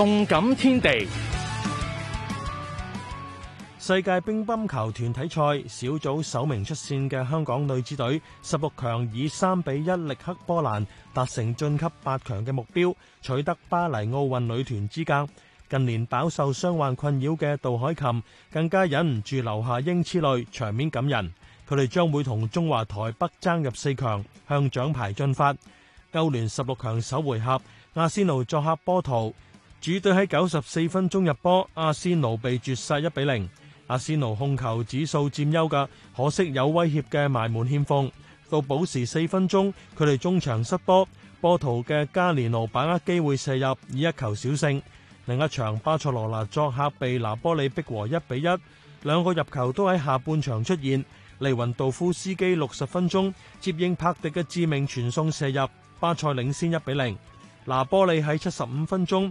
動感天地，世界乒乓球團體賽小組首名出線嘅香港女子隊十六強以三比一力克波蘭，達成晉級八強嘅目標，取得巴黎奧運女團資格。近年飽受傷患困擾嘅杜凱琹更加忍唔住留下英雌淚，場面感人。佢哋將會同中華台北爭入四強，向獎牌進發。歐聯十六強首回合，阿仙奴作客波圖。主隊喺九十四分鐘入波，阿仙奴被絕殺一比零。阿仙奴控球指數佔優嘅，可惜有威脅嘅埋門欠奉。到補時四分鐘，佢哋中場失波，波圖嘅加連奴把握機會射入，以一球小勝。另一場巴塞羅那作客被拿波里逼和一比一，兩個入球都喺下半場出現。利雲道夫斯基六十分鐘接應帕迪嘅致命傳送射入，巴塞領先一比零。拿波里喺七十五分鐘，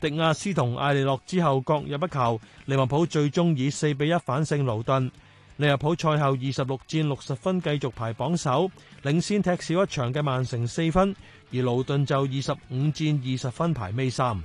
迪亞斯同艾利洛之後各入一球，利物浦最終以四比一反勝盧頓。利物浦賽後二十六戰六十分，繼續排榜首，領先踢少一場嘅曼城四分，而盧頓就二十五戰二十分排尾三。